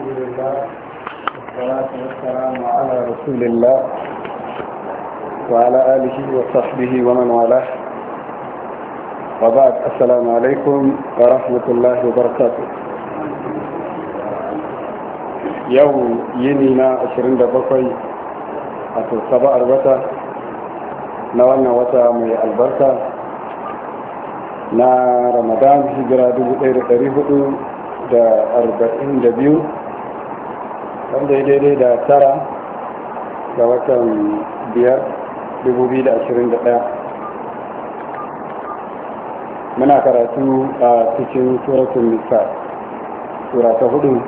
الحمد لله والصلاة والسلام على رسول الله وعلى آله وصحبه ومن والاه وبعد السلام عليكم ورحمة الله وبركاته يوم ينينا 27 أتو سبع الوتا نوانا وتا مي البركة na ramadan hijira 1442 wanda ya daidai da tara ga watan biyar 2021 muna karatu a cikin suratun nisa sura ta hudu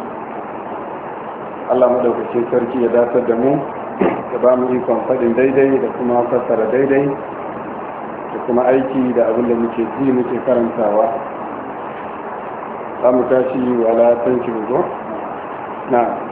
allah maɗaukacin sarki ya dasar da mu da ba mu ikon faɗin daidai da kuma fassara daidai da kuma aiki da abin da muke ji muke karantawa za mu tashi wala tanki na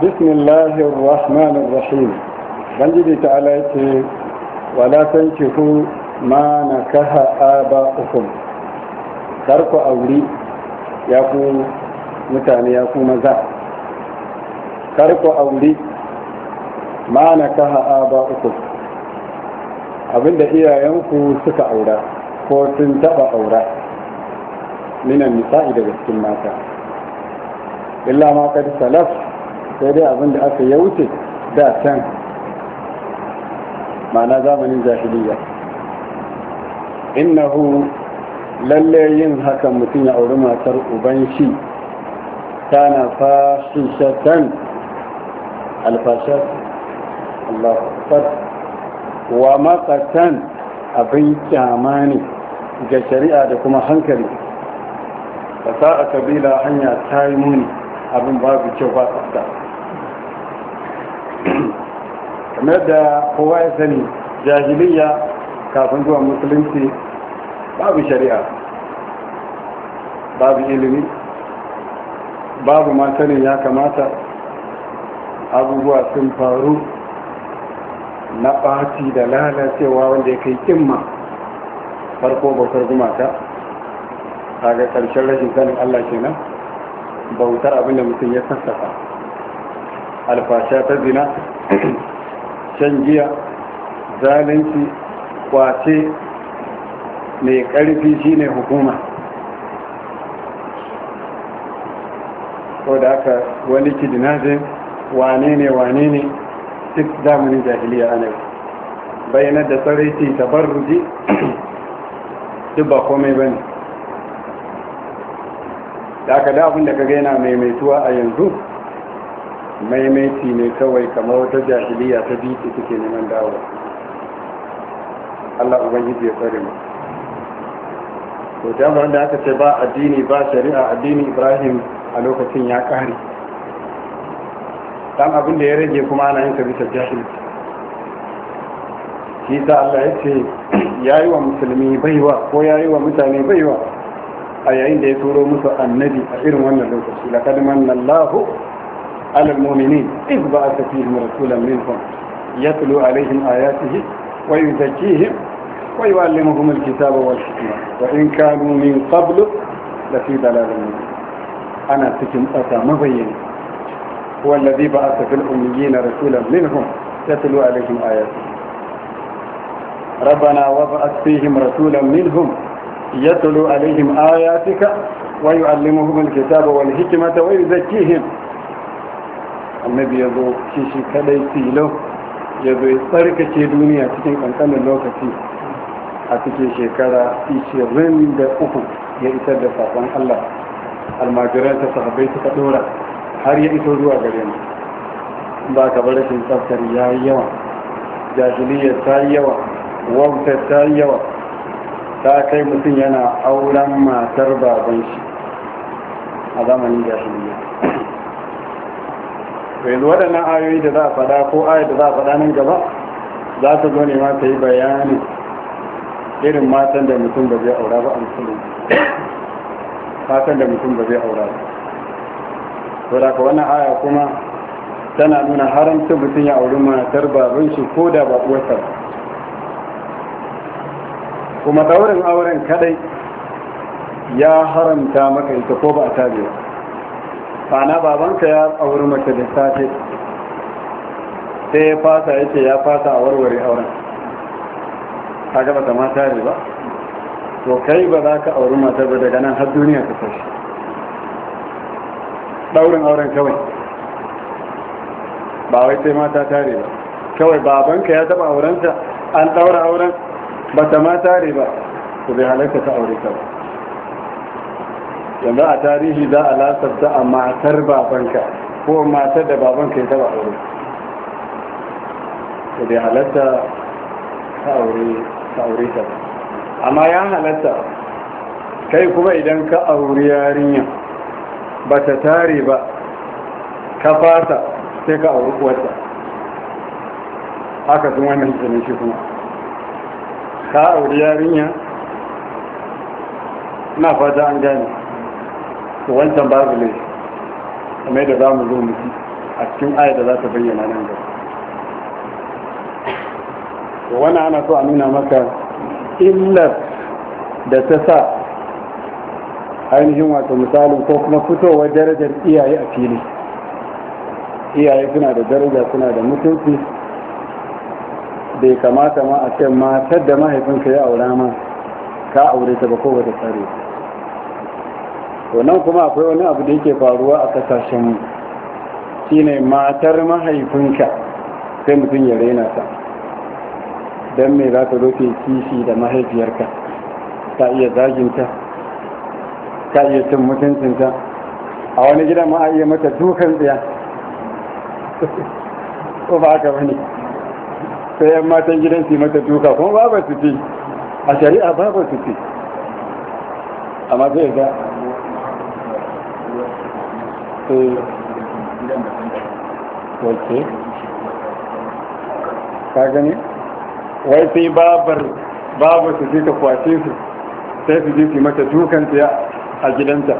bismillahir rahmanir rahim ta ta'ala yace wala tankihu ma nakaha aba'ukum kar ku auri ya ku mutane ya ku maza kar auri ma abinda iyayenku suka aura ko sun taba aura minan nisa'i daga cikin mata illa ma qad salaf sai dai abinda aka ya wuce da can ma'ana zamanin jahiliya innahu lalle yin hakan mutum ya auri matar uban shi tana fashishatan alfashar Allah wa makatan abin kyama ne ga shari'a da kuma hankali ba sa a kabila hanya ta yi muni abin babu kyau ba tsafta kamar da kowa ya sani jahiliya kafin zuwa musulunci babu shari'a babu ilimi babu matanin ya kamata abubuwa sun faru na ɓaci da lalacewa wanda ya kai kimma farko bautar gumata kaga ƙarshen rashin sanin allah kenan bautar abinda mutum ya sassafa alfasha ta zina shan giya zalunci kwace mai ƙarfi shine hukuma ko da aka wani kidinajin wane ne wane ne duk zamanin jahiliya ana bayanar da tsaraiti tabarruji duk ba komai ba ne da aka dafin abin da ka gaina maimaituwa a yanzu maimaiti ne kawai kamar wata jahiliya ta biki suke neman dawo Allah ubangiji ya tsare mu to damar da aka ce ba addini ba shari'a addini Ibrahim a lokacin ya kare dan abin da ya rage kuma ana yin bisa jahilci shi ta Allah ya ce yayi wa musulmi baiwa ko yayi wa mutane baiwa a yayin da ya turo musu annabi a irin wannan lokaci laqad manna Allahu على المؤمنين إذ بعث فيهم رسولا منهم يتلو عليهم آياته ويزكيهم ويعلمهم الكتاب والحكمة وإن كانوا من قبل لفي ضلال مبين أنا تكن أتى مبين هو الذي بعث في الأميين رسولا منهم يتلو عليهم آياته ربنا وبعث فيهم رسولا منهم يتلو عليهم آياتك ويعلمهم الكتاب والحكمة ويزكيهم annabi ya zo shi shi kadai tilo ya zo ya ce duniya cikin kankanin lokaci a cikin shekara 23 ya isar da sakon Allah almajiran ta sahabbai suka dora har ya iso zuwa gare mu ba ka bar shi tsaftar ya yi yawa jahiliyar ta yi yawa wautar ta yi yawa ta kai mutum yana auren matar baban shi a zamanin jahiliya yanzu waɗannan ayoyi da za a faɗa ko ayar da za a faɗa nan gaba za ta zo ne ma ta yi bayani irin matan da mutum ba zai aura ba a musulun matan da mutum ba zai aura ba to da ka wannan aya kuma tana nuna haramta mutum ya auri matar baban shi ko da ba uwarsa kuma daurin auren kadai ya haramta maka ita ko ba a tabi ba fana babanka ya auri mace da safe sai ya fasa ya ce ya fasa a warware auren Ta gaba ta mata ne ba to kai ba za ka auri mata ba daga nan har duniya ta tashi daurin auren kawai ba wai sai mata tare ba kawai babanka ya taba aurenta an daura auren ba ta mata ne ba Ku bai halarta ta aure ta ba yanzu a tarihi za a lasarta a matar babanka ko matar da babanka ya taba aure da bai halatta ka aure ka ta amma ya halatta kai kuma idan ka aure yarinya ba ta tare ba ka fata sai ka aure kuwata haka sun wannan kenan shi kuma ka aure yarinya na fata an gane to wancan babu ne kamar da za mu zo a cikin ayar da za ta bayyana nan da to ana so a nuna maka illar da ta sa ainihin wato misalin ko kuma fitowar darajar iyaye a fili iyaye suna da daraja suna da mutunci bai kamata ma a ce matar da mahaifinka ya aura ma ka aure ta ba ko ba tsare Wannan kuma akwai wani abu da yake faruwa a kasashen shi shine matar mahaifinka sai mutum ya raina ta don me za ka zo kishi da mahaifiyarka ta iya zaginta ta iya cin mutuncinta a wani gidan ma a iya mata dukan tsiya ko ba haka wani sai yan matan gidan su mata duka kuma babu su fi a shari'a babu su fi amma zai ga wake ka gani wai sai babar babar su jika kwace su sai su je su mata dukan a gidanta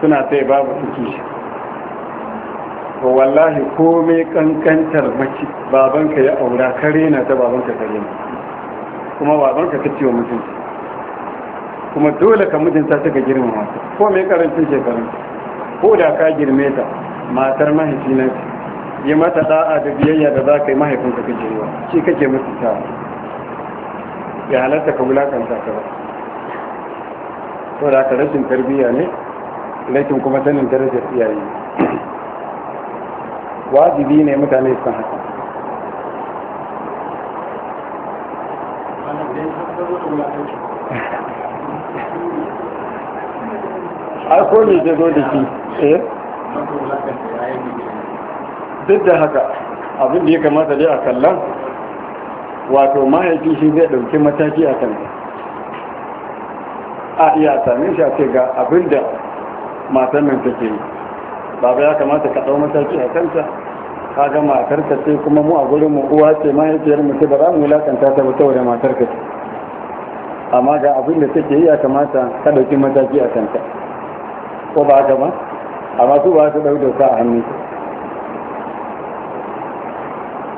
suna sai babu su kishi to wallahi komai kankantar mace babanka ya aura kare na ta babanka kare na kuma babanka ta ciwo mutunci kuma dole ka mutunta ta ga girmama ta komai karancin shekarunta ko da ka girme ta matar mahaifi na yi mata da'a da biyayya da za ka yi mahaifinka ka girma shi kake ta ya halatta ka wulakanta ka ba ko da ka rashin tarbiyya ne laifin kuma sanin darajar iyaye wajibi ne mutane su san haka Thank you. Aiko ne zai zo da shi eh? duk da haka abin da ya kamata dai a kallon wato mahaifi shi zai ɗauki mataki a kan a iya sami shi a ce ga abin da matan nan take yi baba ya kamata ka ɗau mataki a kanta ka ga ka ce kuma mu a gurin mu uwa ce mahaifiyar mu ce ba za mu wulakanta ta ba saboda matarka ce amma ga abin da take yi ya kamata ka ɗauki mataki a kanta ko ba haka ba amma su ba su ɗau doka a hannu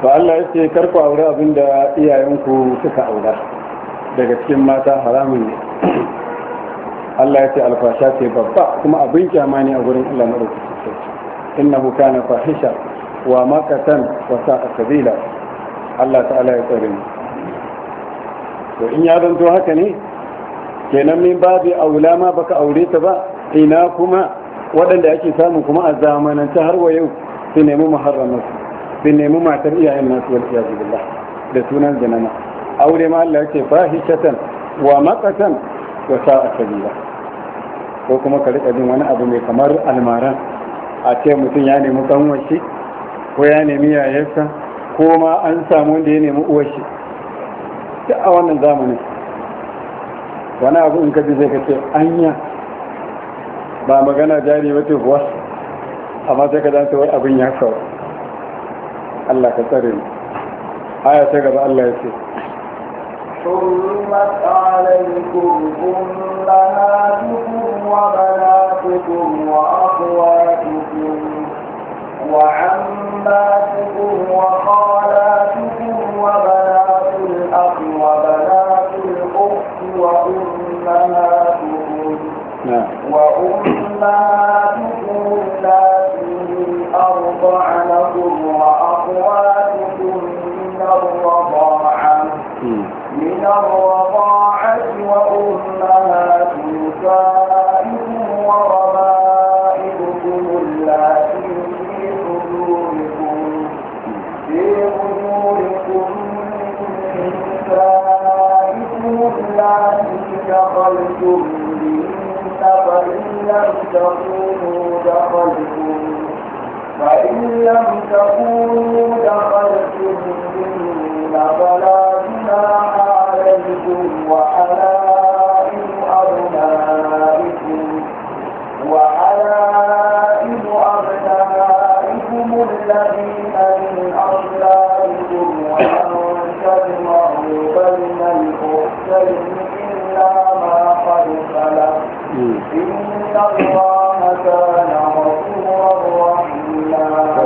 ba Allah ya ce karku aure abin da iyayenku suka aura daga cikin mata haramun ne Allah ya ce alfasha ce babba kuma abin kyama ne a gurin Allah maɗaukaki innahu kana fahisha wa makatan wa sa'a sabila Allah ta'ala ya tsare mu to in ya zanto haka ne kenan min babu aula ma baka aure ta ba ina kuma waɗanda ake samu kuma a ta har wa yau su nemi muharram su nemi matar iyayen nasu wal iyazu billah da sunan zinana aure ma Allah yake fahishatan wa maqatan wa sa'a kabira ko kuma ka rika jin wani abu mai kamar almaran a ce mutum ya nemi kanwashi ko ya nemi yayarsa ko ma an samu wanda ya nemi uwashi duk a wannan zamanin wani abu in ka ji zai ka ce anya ba magana jari wata kuwa amma sai ka danta wai abin ya kawo Allah ka tsare mu aya ta gaba Allah ya ce حرمت عليكم أمهاتكم وبناتكم وأخواتكم وعماتكم وخالاتكم وبناتكم وأمهاتكم التي أرضعنكم وأخواتكم من الرضاعة من الرضاعة وأمهات نسائكم وربائبكم التي في صدوركم في صدوركم من نسائكم التي دخلتم بهن فإن لم تكونوا دخلتم فإن لم تكونوا دخلتم بهن فلا جناح عليكم وحلائل أبنائكم وحلائل أبنائكم الذين من أصلابكم وأن تجمعوا بين الأختين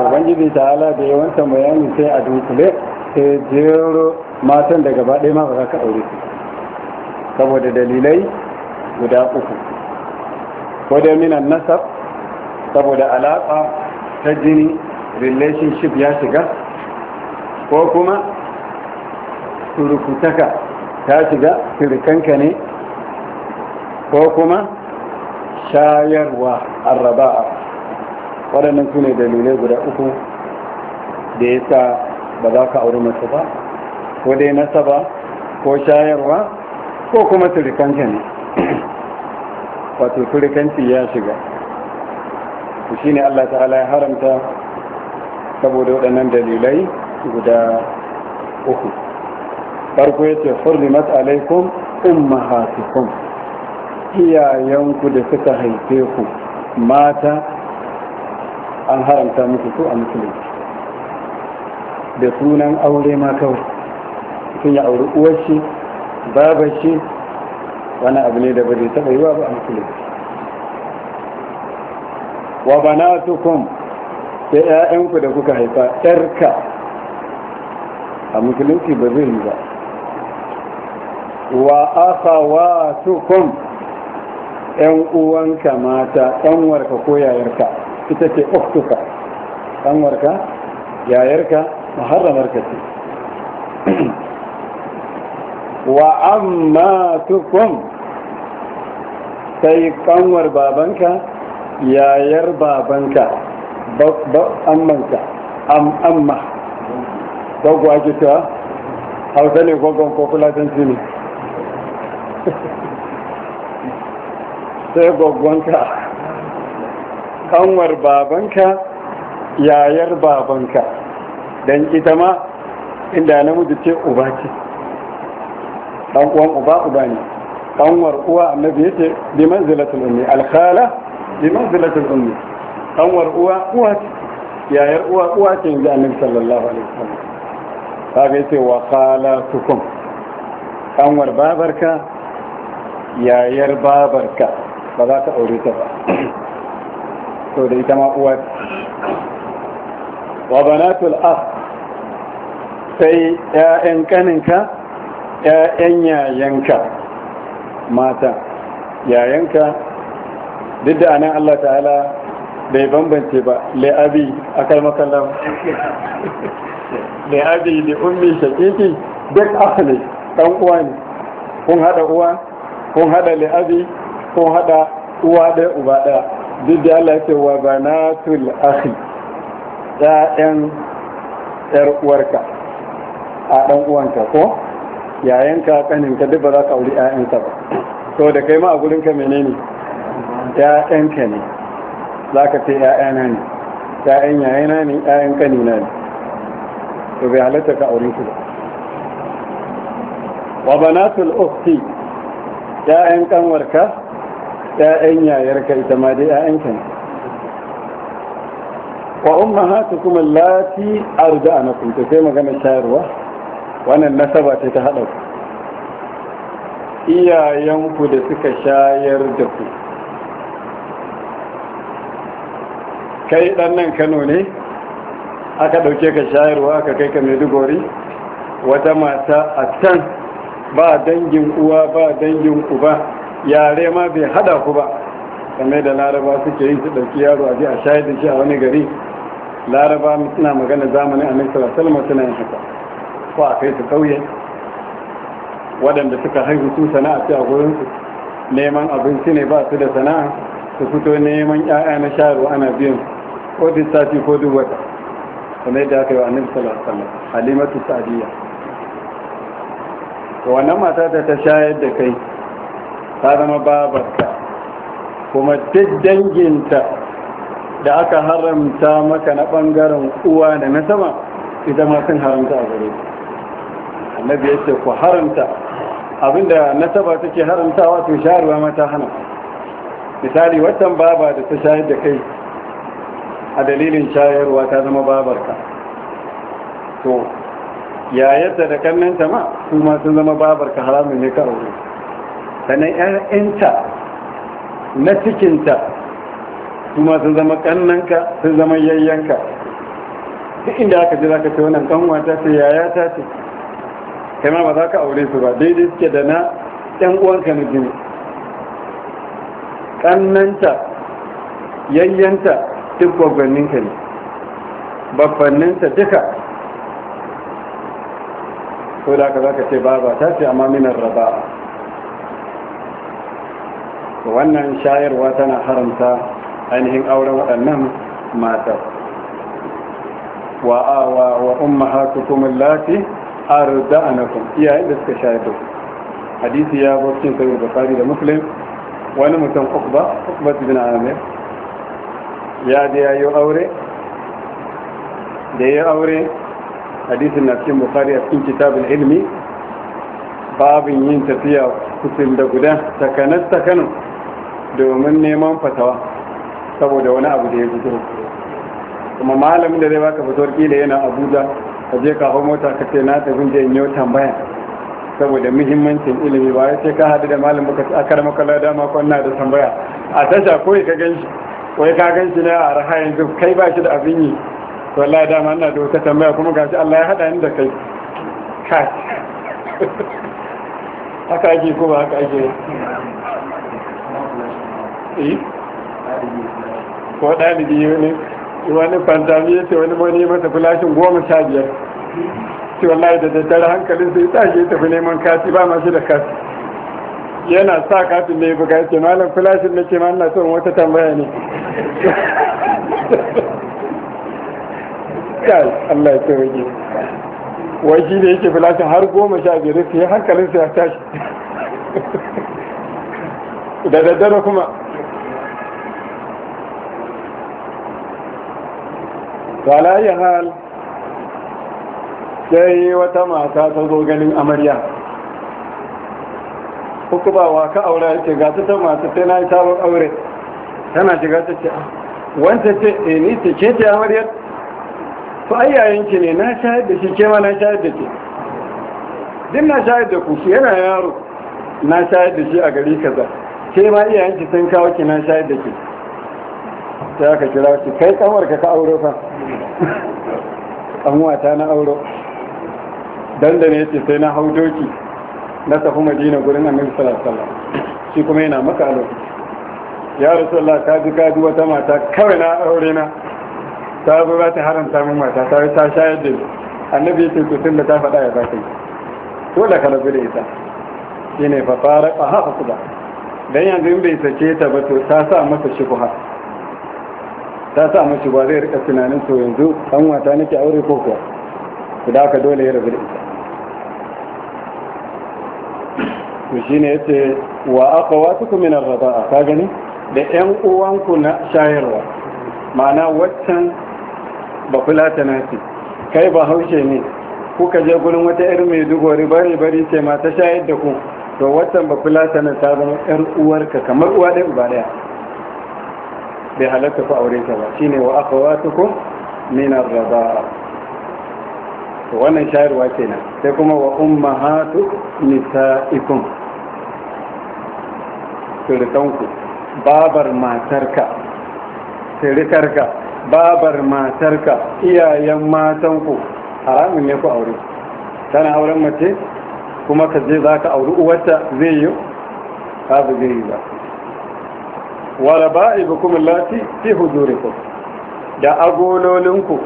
Ubangiji ta'ala da yawancin bayani sai a dunkule sai jero matan da gaba ɗaya ba za ka aure su saboda dalilai guda uku ko da minan nasab saboda alaƙa ta jini relationship ya shiga ko kuma surukutaka ta shiga surukanka ne ko kuma shayarwa arraba'a waɗannan su ne dalilai guda uku da ya sa ba za ka auri mace ba ko dai nasaba ko shayarwa ko kuma turikanta ne wato turikanci ya shiga ku shi ne allah ta'ala ya haramta saboda waɗannan dalilai guda uku farko ya ce furrimat alaikum ummahatikum iyayenku da suka haife ku mata an haramta musu su a musulunci da sunan aure ma kawai sun yi auri uwashi, babashi wani abu ne da ba zai taɓa wa ba a musulunci wa bana tukun da 'ya'yanku da kuka haifa 'yarka a musulunci ba zai yi ba wa tukun. yan uwanka mata warka ko yayarka ita ce uktuka warka yayarka muharramarka ce wa amma tukun sai kanwar babanka yayar babanka ammanka amma gwagwa gita hausa ne gwagwan ko fulatanci ne sai gwaggonka kanwar babanka yayar babanka don ita ma inda namiji ce uba ce ɗan uwan uba uba ne kanwar uwa annabi ce liman manzilatul ummi alkhala liman manzilatul ummi kanwar uwa uwa yayar uwa uwa ce yanzu annabi sallallahu alaihi wasallam ga ce wa tukun kanwar babarka yayar babarka ba za ka aure ta ba to da ita ma uwa wa banatul akh sai ƴaƴan kaninka ƴaƴan yayanka mata yayanka duk da anan Allah ta'ala bai bambance ba la'abi akal makallam la'abi da ummi shakiki duk asali dan uwa ne kun hada uwa kun hada la'abi kun hada uwa ɗaya uba ɗaya duk da Allah ce wa banatul akhi ƴaƴan ƴar uwarka a ɗan uwanka ko yayanka kaninka duk ba za ka auri ƴaƴanka ba to da kai ma a gurin ka menene ƴaƴanka ne za ka ce ƴaƴana ne ƴaƴan yayana ne ƴaƴan kanina ne to bai halatta ka aure su ba wa banatul ukhti ƴaƴan kanwarka Ya'yan yayarka ita ma dai yayanka ne wa ummahatukum a arda'anakum to sai magana shayarwa wannan nasaba ce ta haɗa ku iyayenku da suka shayar da ku kai ɗan nan Kano ne aka ɗauke ka shayarwa aka kai ka Maiduguri wata mata a can ba dangin uwa ba dangin uba yare ma bai hada ku ba game da laraba suke yi su ɗauki yaro a a shayar da shi a wani gari laraba suna magana zamanin a nisa salma suna yin haka ko a kai su kauye waɗanda suka haihu su sana'a ce a gurinsu neman abinci ne ba su da sana'a su fito neman 'ya'ya na shayarwa ana biyan ko duk sati ko duk wata kamar yadda aka yi wa annabi sallallahu alaihi wasallam halimatu sa'diya wannan mata ta ta shayar da kai ta zama babarta kuma duk danginta da aka haramta maka na ɓangaren uwa da na sama ita ma sun haramta a gare annabi ya ce ku haramta abinda nasaba take haramtawa to sharuwa mata hana misali watan baba da ta shayar da kai a dalilin shayarwa ta zama babarka to yayarta da kannanta ma su ma sun zama babarka haramun ne ka aure sannan ‘ya'yanta na cikinta su ma sun zama ƙannanka sun zama yayyanka duk inda aka ji za ka ce wannan ƙanwata ce yaya ta ce kai ma ba za ka aure su ba daidai suke da na ‘yan uwanka na jini ƙannanta yayyanta duk gwagwanninka ne babbanninta duka ko da aka za ka ce ba ba ta ce amma minar raba'a wannan shayarwa tana haramta ainihin auren waɗannan mata wa awa wa umma hakukum na arda'anakum iyayen da suka shayar da hadisi ya zo cikin sahih bukhari da muslim wani mutum ukba ukba ibn amir ya ya yi aure da yi aure hadisin na cikin bukari a cikin kitabin ilmi babin yin tafiya kusur da guda takanas takanar domin neman fatawa saboda wani abu da ya fito kuma malamin da zai baka fito kila yana abuja ka je ka hau mota ka ce na tafi in yau tambaya saboda muhimmancin ilimi ba ya ce ka hadu da malam baka a karama kala dama ko ina da tambaya a tasha ko ka gan shi ko ka gan shi ne a raha yanzu kai ba shi da abin yi to wallahi dama ina da wata tambaya kuma gashi Allah ya hada ni da kai ka haka ake ko ba haka ake eh ko ɗalibi ne wani fantami ya ce wani mani masa filashin goma sha biyar ce wallahi da daddare hankalin sai tashi ya tafi neman kati ba ma shi da kati yana sa katin ne buga ya ce malam filashin na ce ma ina son wata tambaya ne kai Allah ya tsawage wai shi da yake filashin har goma sha biyar sai hankalin sai ya tashi da daddare kuma Wala walayi hal sai wata mata ta zo ganin amarya uku ba wa ka aure ce ga ta mata sai na yi sabon aure tana shiga ta ce ah, wanda ce e ni ce ke ce amaryar to ayyayen ne na shayar da shi ke ma na shayar da ke din na shayar da ku yana yaro na shayar da shi a gari kaza ke ma iyayenki sun kawo ki na shayar da ke ta aka kira shi kai kamar ka aure fa ta na auro da ya yace sai na hau doki na tafi madina gurin annabi sallallahu alaihi shi kuma yana maka alo ya rasulullah ka ji ka ji wata mata kawai na aure na ta zo za ta haramta min mata ta ta shayar da annabi ya ce to tun da ta faɗa ya zaka yi dole ka rabu da ita shine fa fara fa hafa kuda dan yanzu in bai sace ta ba to ta sa masa shubha ta sa mace ba zai rika tunanin to yanzu an wata nake aure ko kuwa su da aka dole ya rabu da ita shi ne yace wa akhawatukum min ar a ka gani da 'yan uwanku na shayarwa ma'ana waccan ba kula na ce kai ba haushe ne kuka je gurin wata irin mai dugori bari bari ce ma ta shayar da ku to waccan ba ta na ta zama ƴar uwarka kamar uwa ɗaya uba ɗaya bai halatta ku aure ta ba shine wa akhawatukum min ar radaa to wannan shayarwa kenan sai kuma wa ummahatu nisa'ikum sirikanku babar matarka sirikarka babar matarka iyayen ku haramun ne ku aure tana auren mace kuma ka je za ka auri uwarta zai yi ba zai yi ba wa raba'ibukum lati, fi hudurikum da agololinku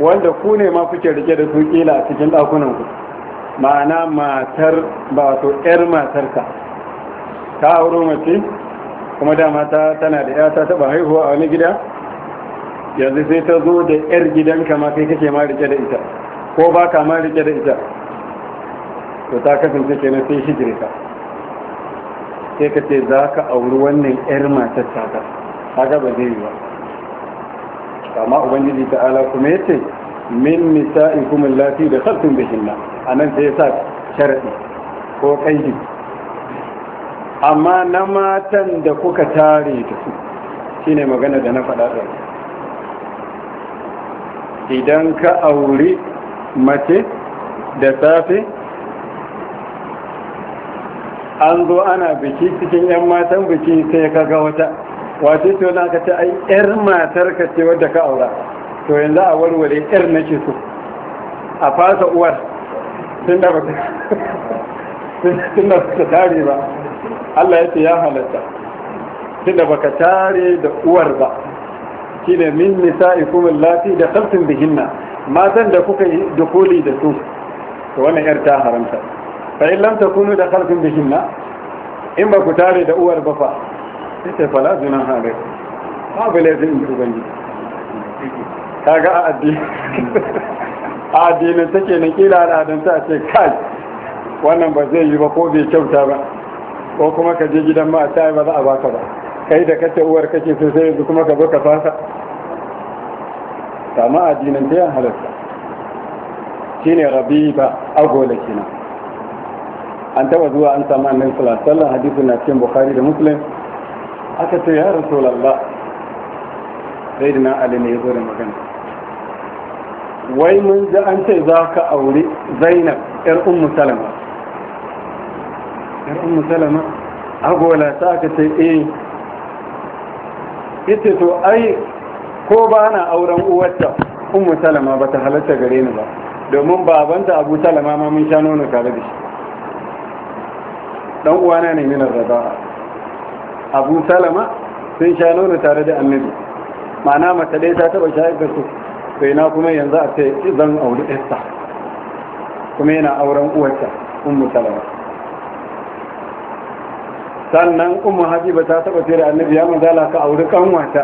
wanda ku ne ma kuke rike da su kila a cikin ɗakunanku. ku ma'ana matar ba ƴar matarka ta auro mace kuma dama ta tana da 'yata ta ba haihuwa a wani gida yanzu sai ta zo da yar gidanka ma kai kake ma rike da ita ko ba ka ma rike da ita to ta kasance kenan sai hijirka sai ka ce za ka auri wannan 'yar matar taka haka ba zai yi ba amma ubangiji Ala kuma ya ce min in kuma lafi da sabtun bihinna a nan sai ya sa sharaɗi ko ƙaidi amma na matan da kuka tare da su shine magana da na faɗa ɗaya idan ka auri mace da safe an zo ana biki cikin 'yan matan biki sai ka ga wata wace ce wani ka ce ai 'yar matar ka ce wadda ka aura to yanzu a warware 'yar na ce su, a fasa uwar sun da baka tare ba Allah ya ce ya halatta Sun da baka tare da uwar ba shi ne min ikumin lati da khamsin bihinna matan da kuka yi dukoli da su to 'yar ta haramta fa in lam takunu da khalqin na, in ba ku tare da uwar ba fa sai fala junan halai babu laifin in ji ubangiji kaga a addini a addinin take na kila al'adanta a ce kai wannan ba zai yi ba ko bai kyauta ba ko kuma ka je gidan ma a ba za a baka ba kai da kace uwar kake so sai yanzu kuma ka zo ka fasa sama addinin ta yan halatta shine rabiba agola kenan an taba zuwa an samu annabi sallallahu alaihi wasallam hadisi na cikin bukhari da muslim aka ce ya rasulullah sai da ali ne ya zo da magana wai mun ji an ce za ka auri zainab yar ummu salama yar ummu salama agola ta aka ce eh ita to ai ko ba na auren uwarta ummu salama ba ta halatta gare ni ba domin babanta abu salama ma mun sha nono tare da shi dan uwana ne minar raba'a abu salama sun sha nono tare da annabi ma'ana mace dai ta taba shayar da su sai na kuma yanzu a ce zan auri esta kuma yana auren uwarta ummu salama sannan ummu habiba ta taba ce da annabi ya manzala ka auri kanwata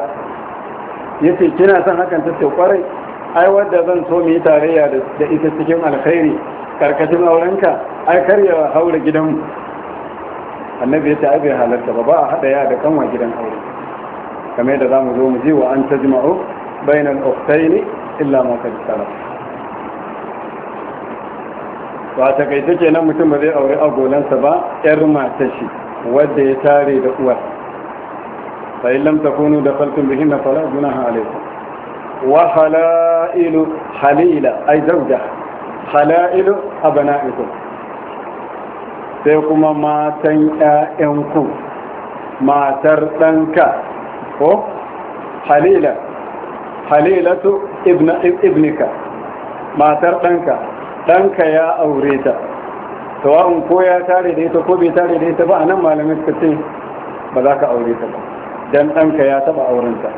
yace kina son hakan ta ce kwarai ai wanda zan so mu yi tarayya da ita cikin alkhairi karkashin aurenka ai karya haura gidanmu annabi ya ta abin halarta ba ba a haɗa ya da kanwa gidan aure kamar da za mu zo mu ji wa an ta jima'u bainal uktaini illa ma kad ba ta kai take nan mutum ba zai aure agolansa ba yar mata shi wadda ya tare da uwar fa illam takunu da falkun bihinna fala gunaha alaikum wa halailu halila ay zawja halailu abana'ikum sai kuma matan ƴaƴanku matar ɗanka ko halila halilatu ibnika matar ɗanka ɗanka ya aure ta tawa'un ko ya tare da ita ko bai tare da ita ba a nan malamin suka ce ba za ka aure ta ba don ɗanka ya taɓa aurenta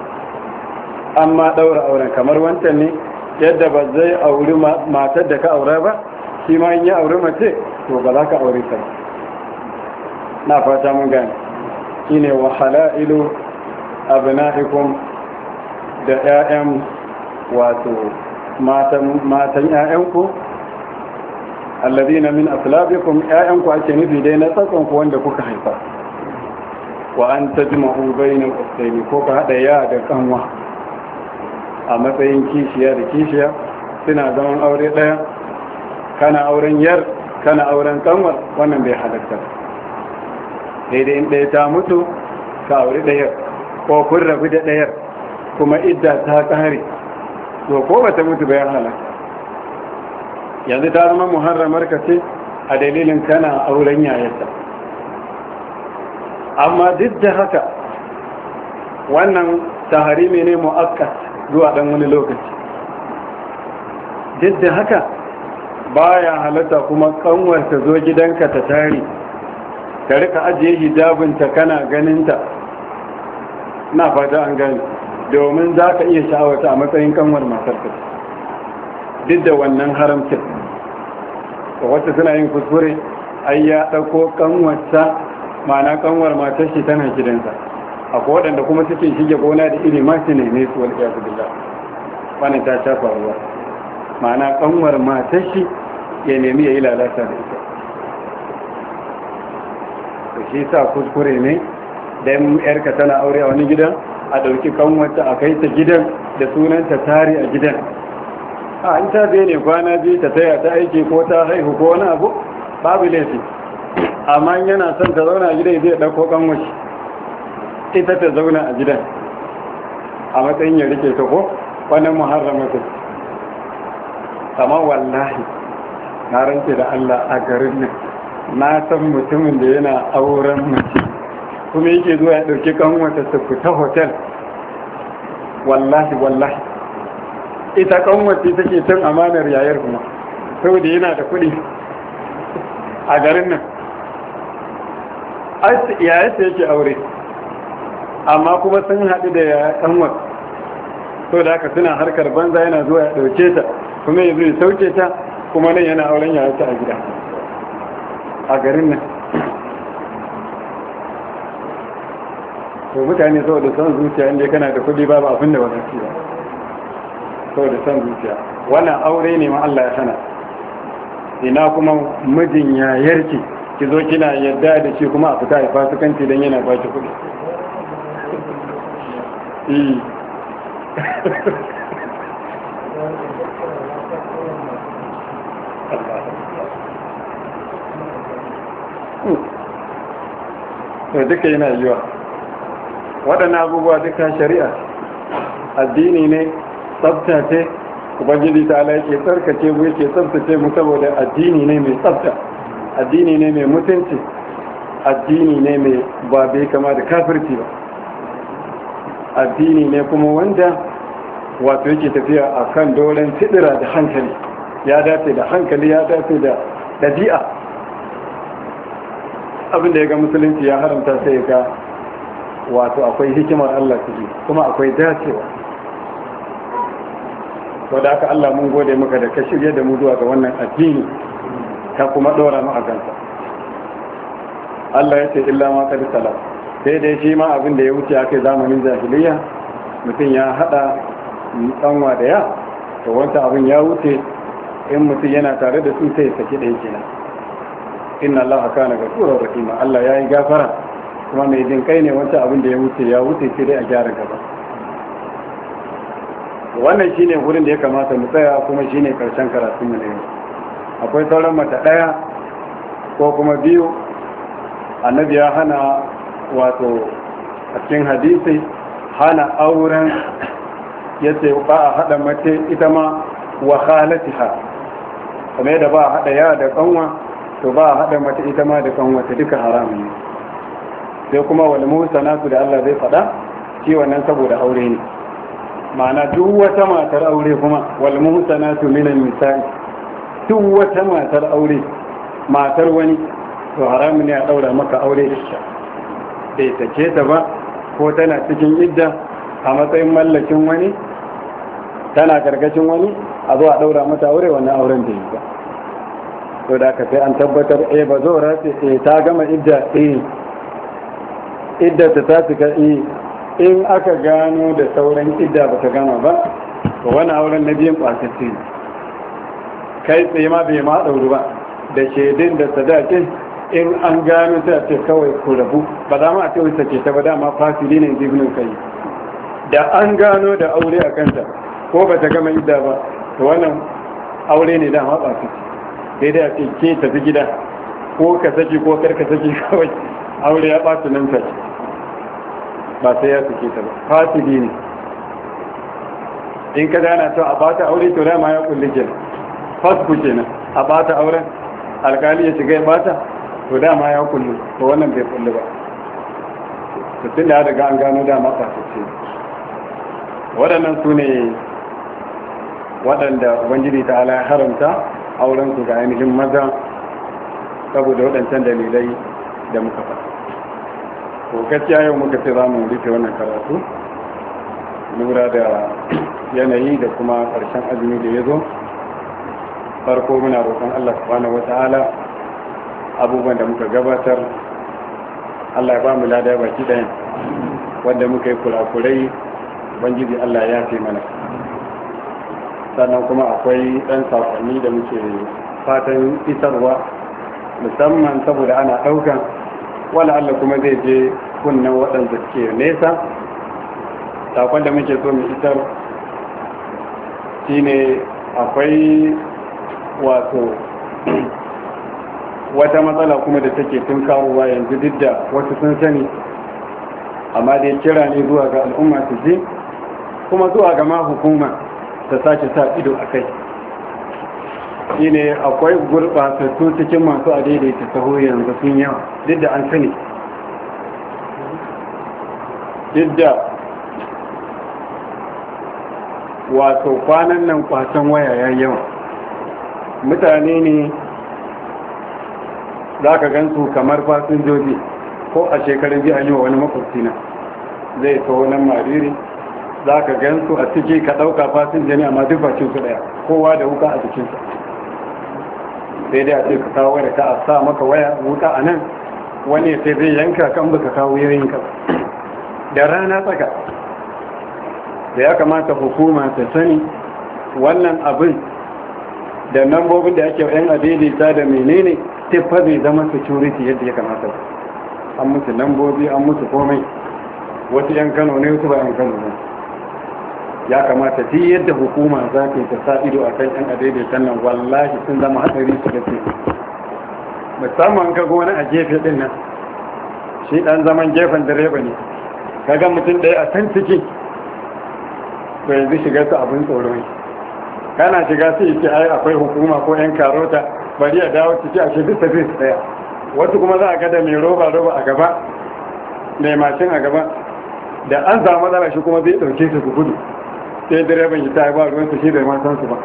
amma ɗaura auren kamar wancan ne yadda ba zai auri matar da ka aura ba shi ma in ya aure mace to ba za ka aure ta na fata mun gane ne wa halailu abna'ikum da 'ya'yan wato matan yayanku ƴaƴanku min aslabikum 'ya'yanku ake nufi dai na tsakon ku wanda kuka haifa wa an tajma'u na al ko ka hada ya da kanwa a matsayin kishiya da kishiya suna zaman aure ɗaya kana auren yar kana auren kanwar wannan bai halatta daidai in ɗaya ta mutu ka auri ɗayar ko kun rabu da ɗayar kuma idda ta tsari to ko ba ta mutu bayan halatta yanzu ta zama muharramar ka ce a dalilin kana auren yayarta amma duk da haka wannan taharimi ne mu'akkas zuwa ɗan wani lokaci duk da haka baya halatta kuma kanwar ta zo gidanka ta tare ka rika ajiye hijabinta kana ganinta na fata an gani domin za ka iya sha'awata a matsayin kanwar matarka duk da wannan haramcin wata suna yin kuskure ai ya ɗauko kanwarta ma'ana kanwar matar shi tana gidansa ko waɗanda kuma suke shige gona da iri masu ne ne su wani ta shafa ruwa ma'ana kanwar matar shi ya nemi ya yi lalata da ita da shi sa kuskure ne don yarka tana aure a wani gidan a ɗauki kanwata a kai ta gidan da sunanta tari a gidan a an ta zai ne kwana biyu ta taya ta aiki ko ta haihu ko wani abu babu laifi amma yana son ta zauna a gidan zai ɗauko kanwaci ita ta zauna a gidan a matsayin ya rike ta ko wannan muharramatu amma wallahi na rance da Allah a garin nan na san mutumin da yana auren mace kuma yake zuwa ya ɗauki ƙanwata ta fita hotel wallahi wallahi ita ta ke cin amanar yayar kuma saboda yana da kuɗi a garin nan yayarsa yake aure amma kuma sun haɗu da sau da haka suna harkar banza yana zuwa ya ɗauke ta kuma yanzu ya sauke ta kuma nan yana auren yayarta a gida a garin nan to mutane saboda son zuciya inda kana da kudi babu abin da wani ciwa saboda son zuciya wannan aure ne ma Allah ya sana ina kuma mijin yarki ki zo kina yadda da shi kuma a fita ya fasikanci don yana baki kudi eh. to hmm. eh, duka yana yiwa waɗannan abubuwa duka shari'a addini ne tsabta ce ubangiji ta ala yake tsarkace mu yake tsabtace mu saboda addini ne mai tsabta addini ne mai mutunci addini ne mai ba bai kama da kafirci ba addini ne kuma wanda wato yake tafiya a kan doron fidira da hankali ya dace da hankali ya dace da ɗabi'a abinda ya ga musulunci ya haramta sai ga wato akwai hikimar Allah ciki kuma akwai dacewa wadda aka Allah mun gode maka da ka shirya da mu zuwa ga wannan addini ka kuma ɗora mu a Allah ya ce illa ma kadi salam sai dai shi ma abin da ya wuce akai zamanin jahiliya mutum ya haɗa ɗanwa da ya to wanta abin ya wuce in mutum yana tare da su sai saki ɗaya nan inna allaha kana ghafurur rahima allah yayi gafara kuma mai jin kai ne wancan abin da ya wuce ya wuce sai dai a gyara gaba wannan shine wurin da ya kamata mu tsaya kuma shine karshen karatun mu ne akwai sauran mata ɗaya ko kuma biyu annabi ya hana wato a cikin hadisi hana auren ya ba a haɗa mace ita ma wa khalatiha kamar da ba a haɗa ya da kanwa to ba a haɗa mata ita ma da kanwa ta duka haramun ne sai kuma musa musanatu da Allah zai faɗa shi wannan saboda aure ne ma'ana duk wata matar aure kuma wal musanatu minan misali duk wata matar aure matar wani to haramun ne a ɗaura maka aure da shi bai take ta ba ko tana cikin idda a matsayin mallakin wani tana gargajin wani a zo a daura mata aure wannan auren da yi ba to da aka sai an tabbatar eh ba zo rafi eh ta gama idda eh idda ta ta cika ka'i eh, in aka gano da sauran idda ba ta gama ba to wani auren na biyan ce. kai tsaye ma bai ma ɗauru ba da shaidin da sadakin in an gano ta ce kawai ku rabu ba za mu a ce wata ta ba dama fasiri ne zibinin kai da an gano da aure a kanta ko ba ta gama idda ba to wannan aure ne dan haɓa su sai dai a ce ke tafi gida ko ka saki ko kar ka saki kawai aure ya ɓata nan ce, ba sai ya suke ta ba fasidi ne in ka dana to a bata aure to dama ya kulli kenan fasku nan a bata auren alkali ya shiga ya bata to dama ya kulli to wannan bai kulli ba to tun da daga an gano dama fasidi waɗannan su ne waɗanda ubangiji ta ala ya haramta auren su ga ainihin maza saboda waɗancan dalilai da muka faɗa ko gaskiya yau muka ce za mu rufe wannan karatu lura da yanayi da kuma ƙarshen azumi da ya zo farko muna roƙon Allah subhanahu ta'ala abubuwan da muka gabatar Allah ya ba mu lada baki ɗayan wanda muka yi kurakurai ubangiji Allah ya fi mana sannan kuma akwai ɗan saƙonni da muke fatan isarwa musamman saboda ana ɗaukan wala Allah kuma zai je kunnan waɗanda ke nesa saƙon da muke so mu isar shine akwai wato wata matsala kuma da take tun kawowa yanzu duk da wasu sun sani amma dai kira ne zuwa ga al'umma su je kuma zuwa ga ma hukuma ta sake sa ido a kai ne akwai gurɓatattu cikin masu a daidaita taho yanzu sun yawa duk da an sani duk da wato kwanan nan kwasan waya ya yawa mutane ne za ka gan su kamar fasinjoji ko a shekarun biyu a yi wa wani makwabcina zai taho nan mariri za ka gan su a ciki ka ɗauka fasin jini amma duk bakin su ɗaya kowa da wuka a sa sai dai a ce ka kawo da ka a sa maka waya wuka a nan wani sai zai yanka kan baka kawo yayin ka da rana tsaka da ya kamata hukuma ta sani wannan abin da nambobin da ake yan ta da menene tiffa zai zama security yadda ya kamata an musu lambobi an musu komai wasu yan kano ne wasu ba yan kano ne ya kamata duk yadda hukuma za ta yi ta sa ido a kan yan adaidaitan nan wallahi sun zama hatsari su gaske musamman ka wani a gefe din nan shi dan zaman gefen direba ne Ka ga mutum ɗaya a san ciki to yanzu shiga su abin tsoro ne kana shiga su ce ai akwai hukuma ko yan karota bari a dawo ciki a shi bisa tsaya wasu kuma za a ga da mai roba roba a gaba mai mashin a gaba da an samu matsala shi kuma zai ɗauke su gudu sai direban shi ta yi ba su shi bai ma san su ba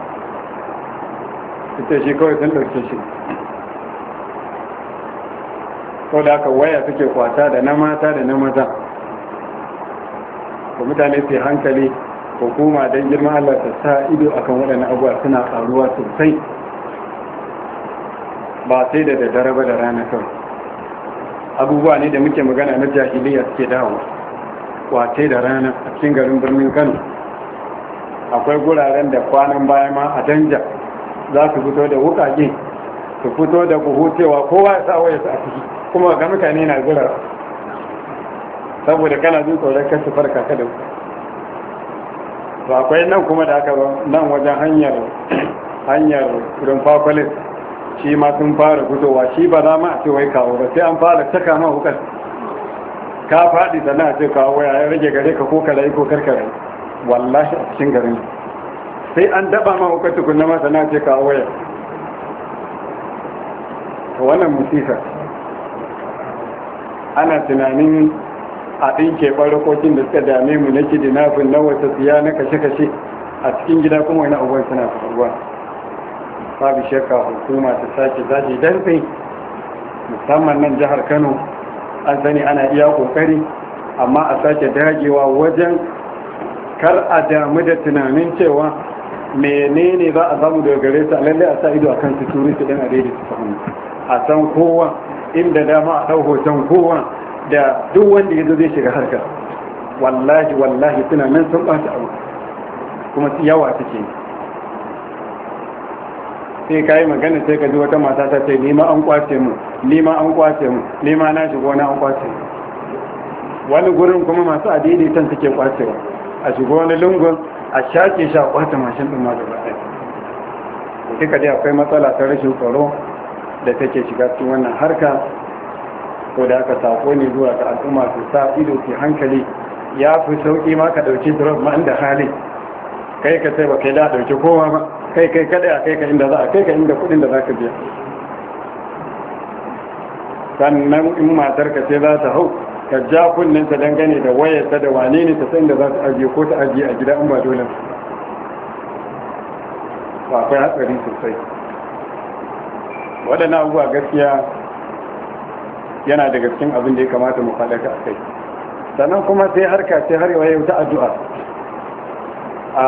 ita shi kawai sun ɗauke shi ko da aka waya suke kwata da na mata da na maza ko mutane su hankali hukuma don girman allah ta sa ido akan waɗannan abuwa suna ƙaruwa sosai ba sai da daddare ba da rana kawai abubuwa ne da muke magana na jahiliya suke dawo kwace da rana a cikin garin birnin kano akwai guraren da kwanan baya ma a canja za su fito da wukaki su fito da buhu cewa kowa ya sa waya a ciki kuma ga mutane na gurar saboda kana jin tsoron kasu farka ka da wuka to akwai nan kuma da aka nan wajen hanyar hanyar rumfa kwalis shi ma sun fara fitowa shi ba za ma a ce wai kawo ba sai an fara taka ma hukar ka faɗi sannan a ce kawo ya rage gare ka ko kalai ko karkarai wallahi a cikin garin sai an daba ma kuka tukunna masa na ce kawo waya wannan musika ana tunanin a ɗinke ɓarakokin da suka dame mu na kidi na wata siya na kashe-kashe a cikin gida kuma wani abubuwan suna faruwa babu shakka hukuma ta sake zaje darbe musamman nan jihar kano an sani ana iya kokari amma a sake dagewa wajen kar a damu da tunanin cewa menene za a samu daga gare su a lalle a sa ido akan su turi su dan a daidai su samu a san kowa inda dama a ɗau hoton kowa da duk wanda ya zo zai shiga harkar wallahi wallahi tunanin sun ɓata abu kuma yawa suke sai ka yi magana sai ka ji wata mata ta ce nima an kwace mu nima an kwace mu nima na shigo na an kwace mu wani gurin kuma masu adidaitan suke kwacewa a shiga wani lungun a shaƙe shi a ƙwata mashin ɗin ma gaba ɗaya duka dai akwai matsala ta rashin tsaro da take shiga cikin wannan harka ko da aka sako ne zuwa ga al'umma su sa ido ke hankali ya fi sauƙi ma ka ɗauki drug ma inda hali kai ka sai ba kai da ɗauki kowa ba kai kai kaɗai a kai ka inda za a kai ka inda kuɗin da za ka biya sannan in matar ka sai za ta hau ka ja kunnen ta dangane da wayar ta da wane ne ta san da za su ajiye ko ta ajiye a gida in ba dole ba akwai hatsari sosai waɗannan abubuwa gaskiya yana daga cikin abin da ya kamata mu faɗa ka kai sannan kuma sai harka ce har yau ta addu'a a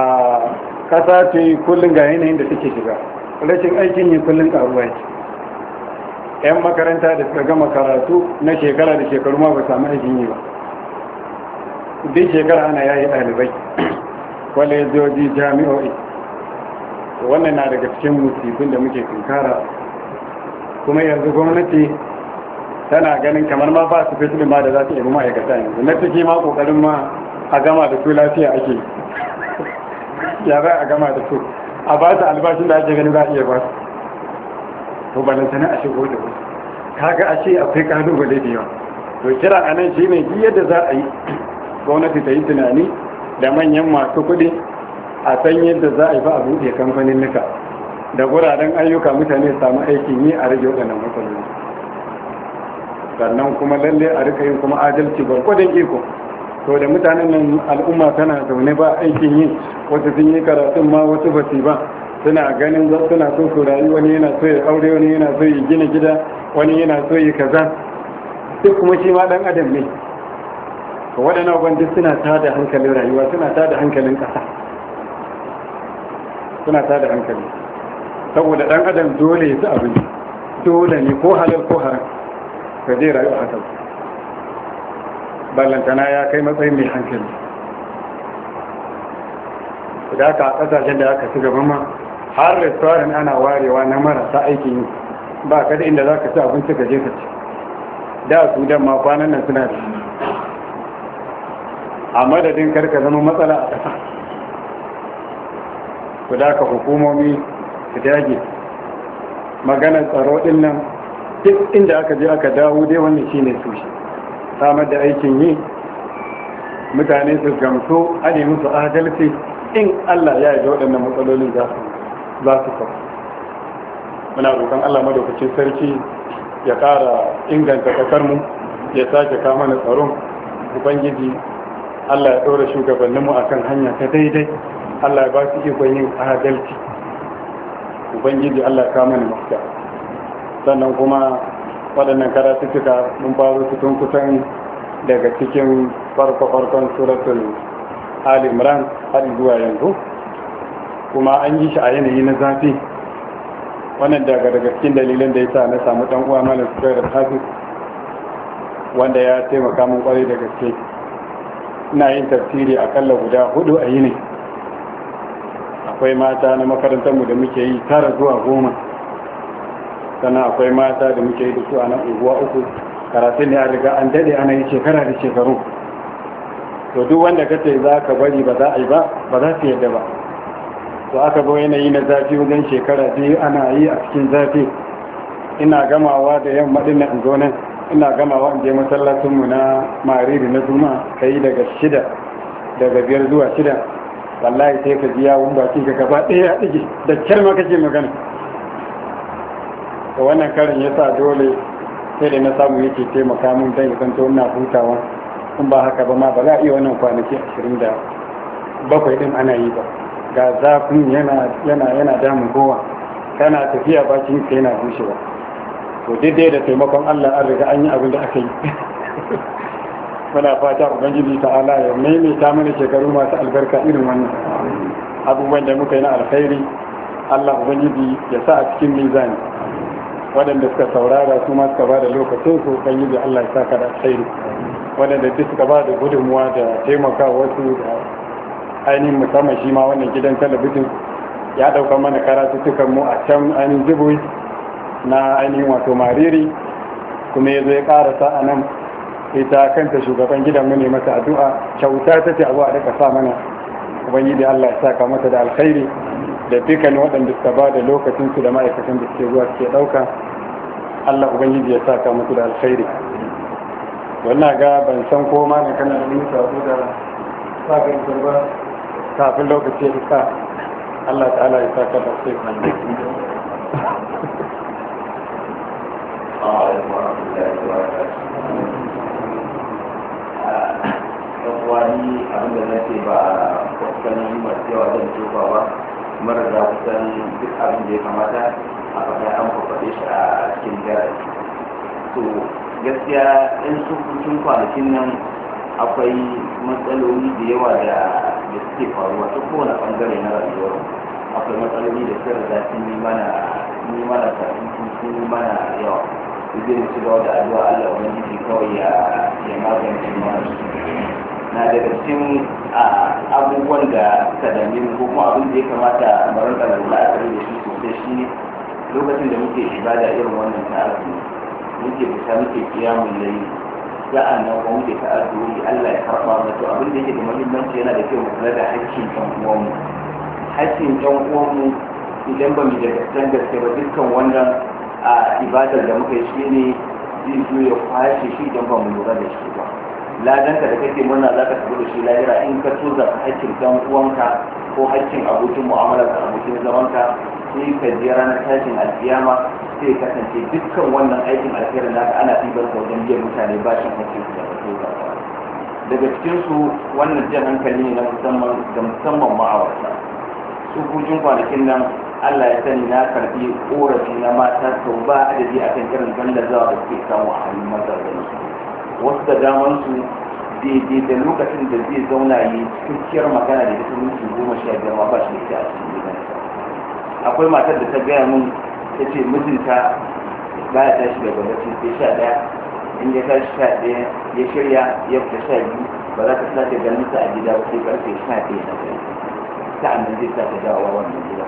ƙasa ce kullum ga yanayin da take shiga rashin aikin yi kullum ƙaruwa yake 'yan makaranta da suka gama karatu na shekara da shekaru ma ba samu aikin yi ba duk shekara ana yayi ɗalibai kwalejoji jami'o'i wannan na daga cikin musibin da muke tunkara kuma yanzu gwamnati tana ganin kamar ma ba su fi ma da za su ma ma'aikata yanzu na ciki ma kokarin ma a gama da su lafiya ake ya za a gama da su a ba su albashin da ake ganin za a iya ba su to lantana a shigo da wasu kaga a ce akwai kalubale da yawa to kira a nan shi ne yadda za a yi gwamnati ta yi tunani da manyan masu kuɗi a san yadda za a yi ba a buɗe kamfanin nuka da guraren ayyuka mutane samu aikin yi a rage waɗannan matsaloli sannan kuma lalle a rika yin kuma adalci gwargwadon iko to da mutanen nan al'umma tana zaune ba aikin yi wasu sun yi karatun ma wasu ba ba suna ganin za suna so su rayu wani yana so ya aure wani yana so ya gina gida wani yana so ya kaza duk kuma shi ma dan adam ne waɗannan abubuwan suna da hankalin rayuwa suna ta da hankalin ƙasa suna da hankali saboda dan adam dole ya abu ne dole ne ko halal ko haram ka je rayu a haka ballantana ya kai matsayin mai hankali da aka a ƙasashen da aka ci gaban ma har restaurant ana warewa na marasa aikin yi ba kada inda za ka ci abinci ka je ka ci da su dan ma kwanan nan suna ci a madadin karka zama matsala a ƙasa ku da ka hukumomi su dage maganar tsaro din nan duk inda aka je aka dawo dai wannan shine tushe samar da aikin yi mutane su gamso a musu adalci in allah ya yi da waɗannan matsalolin za su za su sauka muna roƙon Allah madaukacin sarki ya ƙara inganta ƙasarmu mu ya sake kama na tsaron ubangiji Allah ya ɗora shugabanninmu a kan hanya ta daidai Allah ya ba su ikon yin adalci ubangiji Allah ya kama na mafita sannan kuma waɗannan karatuttuka mun ba su tun kusan daga cikin farko-farkon suratul Ali Imran har zuwa yanzu kuma an yi shi a yanayi na zafi wannan daga daga cikin dalilan da ya sa na samu dan uwa malam da hafiz wanda ya taimaka min kwarai da gaske ina yin tafsiri akalla guda hudu a yini akwai mata na makarantarmu da muke yi tara zuwa goma sannan akwai mata da muke yi da su a nan unguwa uku karatun ne a riga an dade ana yi shekara da shekaru to duk wanda kace za ka bari ba za a yi ba ba za su yadda ba to aka zo yanayi na zafi wajen shekara biyu ana yi a cikin zafi ina gamawa da yan ɗin in zo ina gamawa in je masallacinmu na mariri na zuma ka yi daga shida daga biyar zuwa shida wallahi sai ka ji yawon baki ka gaba ɗaya ya ɗige da kyar ma kake magana Da wannan karin ya sa dole sai da na samu yake taimaka min dan isan to ina hutawa in ba haka ba ma ba za a iya wannan kwanaki ashirin da bakwai ɗin ana yi ba ga zafin yana yana damun kowa kana tafiya bakin ka yana bushewa to daidai da taimakon Allah an riga an yi abin da aka yi muna fata ubangiji ta'ala ya maimaita mana shekaru masu albarka irin wannan abubuwan da muka yi na alkhairi Allah ubangiji ya sa a cikin mizani waɗanda suka saurara su ma suka ba da lokacin su ubangiji Allah ya saka da alkhairi waɗanda duk suka ba da gudunmuwa da taimaka wasu da ainihin musamman shi ma wannan gidan talabijin ya ɗauka mana karatuttukan mu a can ainihin jibuwi na ainihin wato mariri kuma ya zo ya ƙarasa a nan ita kanta shugaban gidan mu ne mata addu'a kyauta ta ce abu a daga sa mana ubangiji Allah ya sa ka mata da alkhairi da dukkan waɗanda suka ba da lokacin da ma'aikatan da suke zuwa suke ɗauka Allah ubangiji ya sa ka mata da alkhairi wannan ga ban san ko ma kana da nisa ko da sa ga ba kafin lokaci ya isa Allah ta'ala ya sa ka da sai wani abin da nake ba kwakwani masu yawa zan tofa ba mara kusan duk abin da ya kamata a an shi a cikin to gaskiya yan sun kwanakin nan akwai matsaloli da yawa da da suke faruwa ta kowane bangare na rayuwar akwai matsaloli da sun riga sun yi mana sun yi mana sun yi mana yawa zai su gaba da addu'a Allah wani jiki kawai ya ya magance mana na daga cikin abubuwan da suka dame mu ko kuma abin da ya kamata mu rinka lura a tare da shi sosai shine lokacin da muke ibada irin wannan ta muke fita muke kiyamun layi za a nan wani da ta Allah ya karɓa mu to abin da yake da muhimmanci yana da kyau mu kula da haƙƙin ɗan uwanmu haƙƙin ɗan uwanmu idan ba mu da gaskiyar gaske ba dukkan wannan a ibadar da muka yi shi ne zai zo ya kwashe shi idan ba mu lura da shi ba ladanka da kake murna za ka tafi da shi lahira in ka tuza haƙƙin dan uwanka ko haƙƙin abokin mu'amalar ka abokin zamanka sai ka je ranar tashin alfiyama sai kasance dukkan wannan aikin alkhairin naka ana ɗibar ka wajen biyan mutane bashin haƙƙin da ka tuza daga cikinsu wannan jan hankali ne na musamman ga musamman ma'awarta su hujin kwanakin nan Allah ya sani na karɓi ƙorafi na mata sau ba adadi akan irin gallazawa da suke samu a hannun mazarzansu wasu da daman su daidai da lokacin da zai zauna yi cikakkiyar magana da ita minti goma sha biyar ma ba shi da ita a cikin gidansa akwai matar da ta gaya min ta ce mijinta ba ya tashi daga bacci sai sha ɗaya in ya tashi sha ɗaya ya shirya ya fita sha biyu ba za ta sake ganin sa a gida ba sai karfe sha ɗaya na kai ta nan zai sake dawowa wannan gida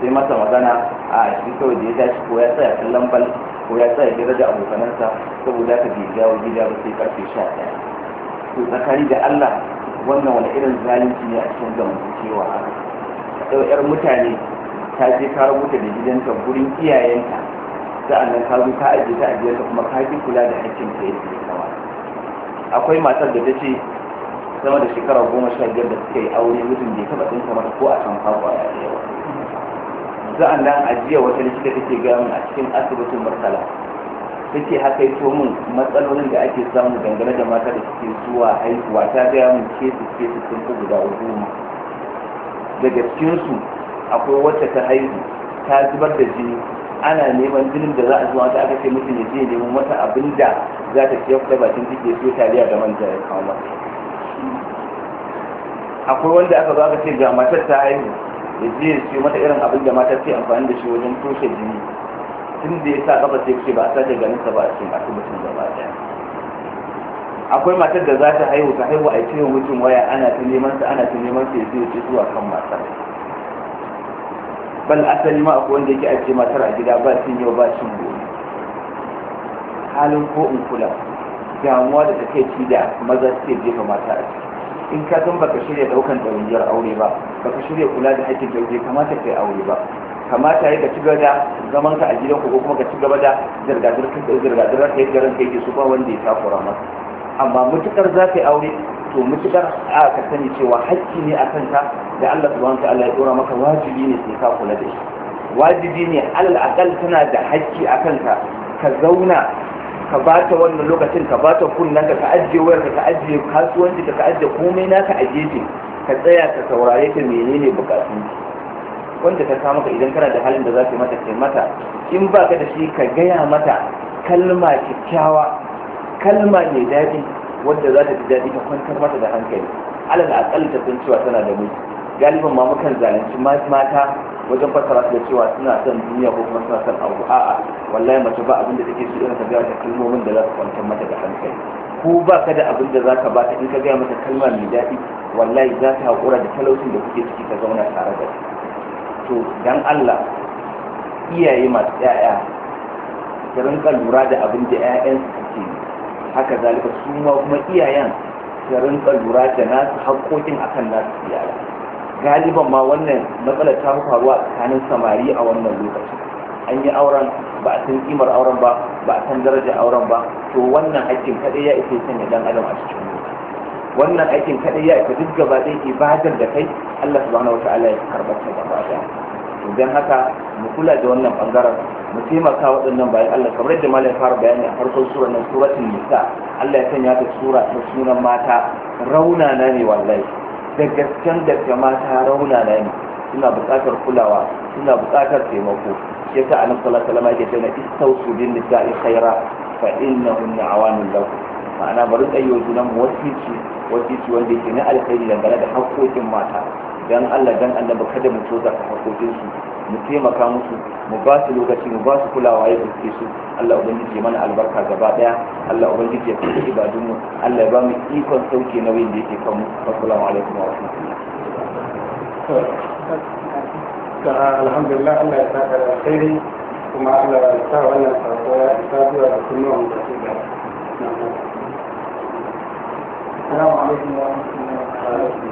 sai masa magana a shi kawai da ya tashi ko ya tsaya kallon bal ko ya sa ya da abokanansa saboda ka bai jawo gida ba sai karfe sha ɗaya to tsakani da allah wannan wani irin zalunci ne a cikin zamantakewa haka ɗau mutane ta je ka rubuta da gidanta gurin iyayenta sa'annan ka zo ka ajiye ta ajiyar ta kuma ka fi kula da hakkin ta yadda ya akwai matar da ta ce sama da shekara goma sha biyar da suka yi aure mutum bai taɓa ɗinka mata ko a kan kwakwa a yawa za'an nan ajiya wata likita take gaya min a cikin asibitin murtala take haka yato mun matsalolin da ake samu dangane da mata da suke zuwa haihuwa ta gaya min ke su sun fi guda goma daga su akwai wacce ta haihu ta zubar da jini ana neman jinin da za a zuwa ta aka ce mutum ya je neman mata abin da za ta ciyar da bakin ciki so taliya da manja ya kawo mata akwai wanda aka zo aka ce ga matar ta haihu ya je ya ce mata irin abin da mata ke amfani da shi wajen toshe jini tun da ya sa kafa ce ce ba a sace ganin sa ba a cikin asibitin ba ta akwai matar da za ta haihu ta haihu a cikin wucin waya ana ta neman sa ana ta neman sa ya ce zuwa kan matar bal asali ma akwai wanda yake ajiye matar a gida ba cin yau ba cin gobe halin ko in kula damuwa da ci da maza suke jefa mata a ciki in ka san baka shirya daukan ɗawainiyar aure ba baka shirya kula da haƙƙin aure kamata kai aure ba kamata ya ka ci gaba da zaman ka a gidan ku ko kuma ka ci gaba da zirga-zirgar ka yadda ranka yake su ba wanda ya takura masa amma mutukar za ka yi aure to mutukar a ka sani cewa hakki ne a kanka da Allah subhanahu wa ta'ala ya dora maka wajibi ne sai ka kula da shi wajibi ne alal tana da hakki a kanka ka zauna ka bata wannan lokacin ka bata kunnan ka ajiye wayar ka ajiye kasuwanci ka ajiye komai naka a gefe ka tsaya ka saurare ta menene bukatun wanda ta kama ka idan kana da halin da za ka mata kai mata in ba ka da shi ka gaya mata kalma kyakkyawa kalma mai daɗi wadda za ta ji daɗi ka kwantar mata da hankali alal akal ta san cewa tana da miji galiban ma mukan zalunci mata wajen fassara da cewa suna son duniya ko kuma suna son abu a'a wallahi mace ba abin da take so irin ta gaya ta kalmomin da za su kwantar mata da hankali ko ba ka da abin da za ka bata in ka gaya mata kalma mai daɗi wallahi za ta haƙura da talaucin da kuke ciki ta zauna tare da to dan Allah iyaye masu ƴaƴa ta rinka lura da abin da ƴaƴansu suke haka zalika su ma kuma iyayen ta rinka lura da nasu haƙƙoƙin akan nasu iyaye galiban ma wannan matsalar ta faruwa tsakanin samari a wannan lokacin an yi auren ba a san kimar auren ba ba a san darajar auren ba to wannan aikin kadai ya isa sanya dan adam a cikin wuta wannan aikin kadai ya isa duk gaba ɗaya ibadar da kai Allah subhanahu wataala ya karɓar ta gaba ɗaya idan haka mu kula da wannan ɓangaren, mu taimaka waɗannan bayan Allah kamar yadda malam fara bayani a farkon sura nan suratul nisa Allah ya sanya ta sura ta sunan mata raunana ne wallahi da gasken mata rauna na ne suna buƙatar kulawa suna buƙatar taimako shi yasa annabi sallallahu alaihi wasallam yake cewa istausu bin nisa'i khaira fa innahunna awanun lakum ma'ana bari tsayyo junan mu wasici wasici wanda yake na alkhairi dangane da haƙƙoƙin mata dan Allah dan annabi kada mu coza ka hakokin mu taimaka musu mu ba su lokaci mu ba su kulawa ya fuske su Allah ubangiji mana albarka gaba daya Allah ubangiji ya kusa ibadun mu Allah ya ba mu ikon sauke nauyin da yake kan mu assalamu alaikum wa alhamdulillah Allah ya saka da alkhairi kuma Allah ya sa wannan sako ya isa zuwa da kunnuwan da su da Assalamu alaikum wa rahmatullahi wa barakatuh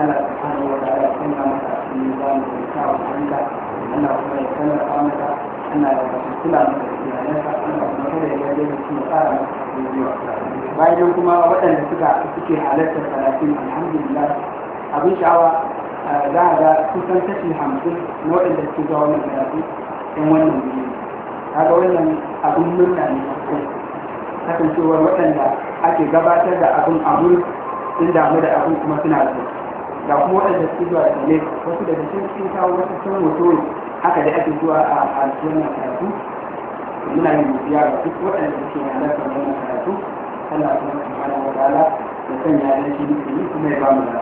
Allah subhanahu wa ta'ala suna mata a cikin zamu da kawo hanta Allah kuma ya tallafa mata Allah da kasu kula mata da iyalansa Allah kuma kada ya yarda da su ƙara mata abubuwa bayan kuma waɗanda suka suke halartar talatin alhamdulillah abin sha'awa za a ga kusan kashi hamsin na waɗanda suke zuwa wannan karatu ɗan wannan biyu kaga wannan abin murna ne kasancewar waɗanda ake gabatar da abin abin sun damu da abin kuma suna da ga kuma waɗanda suke zuwa da ne wasu daga cikin cikin kawo wasu can wato haka da ake zuwa a alfiyar karatu muna yin biya ga duk waɗanda suke halartar wannan karatu Allah kuma subhanahu wa ta'ala ya sanya da shi mutum kuma ya ba mu da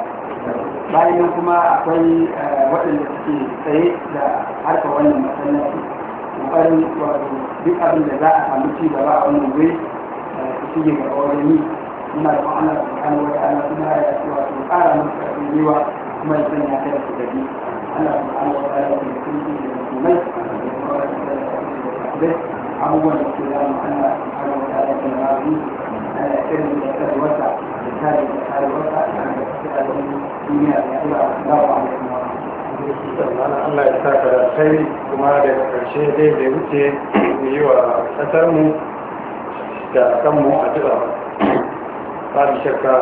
bayan nan kuma akwai eh, waɗanda suke tsaye da harkar wannan masallaci ƙoƙarin wato duk abin da za a samu ci gaba a wannan wuri eh, su shige gaba wajen yi Ina da Allah subhanahu wata, ta'ala kuma ya cewa sun ƙara mun karfin gwiwa kuma ya sanya ta da kudi Allah subhanahu wa ta'ala ya kuma da musulmai da kuma da kudi abubuwan da suke zama Allah subhanahu wa ta'ala ya na su Allah ya kirin da tsarwarsa da tare da tsarwarsa da da kuma da duniya da Allah subhanahu wa ta'ala Allah ya sa ka da kuma da karshe dai bai wuce mu yi wa ƙasarmu da kanmu a ba babu shakka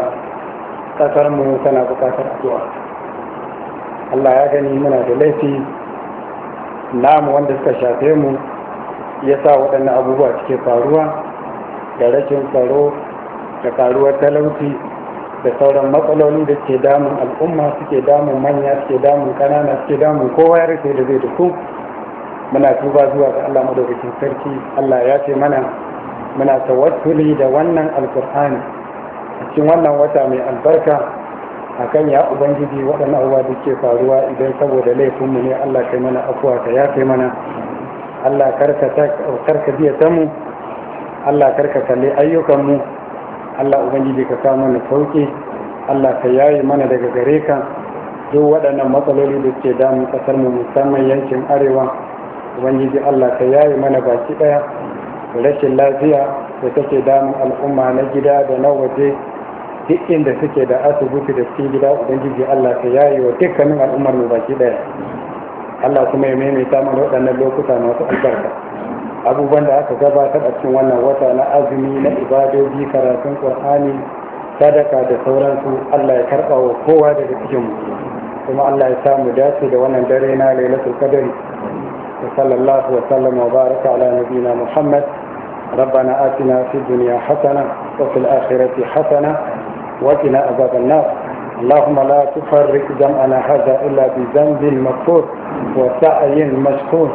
kasar mu tana bukatar addu'a Allah ya gani muna da laifi namu wanda suka shafe mu ya sa waɗannan abubuwa suke faruwa da rashin tsaro da karuwar talauci da sauran matsaloli da ke damun al'umma suke damun manya suke damun kanana suke damun kowa ya rufe da zai duku muna tuba zuwa ga Allah madaukakin sarki Allah ya ce mana muna tawassuli da wannan alkur'ani cikin wannan wata mai albarka a akan ya ubangiji waɗannan abubuwa da ke faruwa idan saboda laifinmu ne allah kai mana afuwa ka ya kai mana allah karka biya ta mu allah karka kalli ayyukanmu allah ubangiji ka sa mana sauki allah ka yayi mana daga gare ka duk waɗannan matsaloli da ke damu ƙasar mu musamman yankin arewa ubangiji allah ka yayi mana baki ɗaya rashin lafiya da take damun al'umma na gida da na waje duk inda suke da asibiti da cikin gida ubangiji Allah ka yayi wa dukkanin al'ummar mu baki daya Allah kuma ya maimaita mana waɗannan lokuta masu albarka abubuwan da aka gabatar a cikin wannan wata na azumi na ibadoji karatun qur'ani sadaka da sauransu Allah ya karɓa wa kowa daga cikin mu kuma Allah ya samu dace da wannan dare na lailatul qadari وصلى الله وسلم وبارك على نبينا محمد ربنا آتنا في الدنيا حسنة وفي الآخرة حسنة وقنا عذاب النار اللهم لا تفرق جمعنا هذا إلا بذنب مغفور وسعي مشكور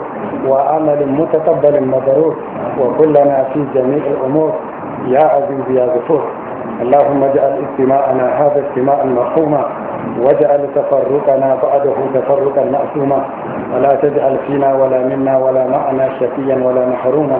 وعمل متقبل مبرور وكلنا في جميع الأمور يا عزيز يا غفور اللهم اجعل اجتماعنا هذا اجتماعا مرحوما واجعل تفرقنا بعده تفرقا مأثوما ولا تجعل فينا ولا منا ولا معنا شقيا ولا محروما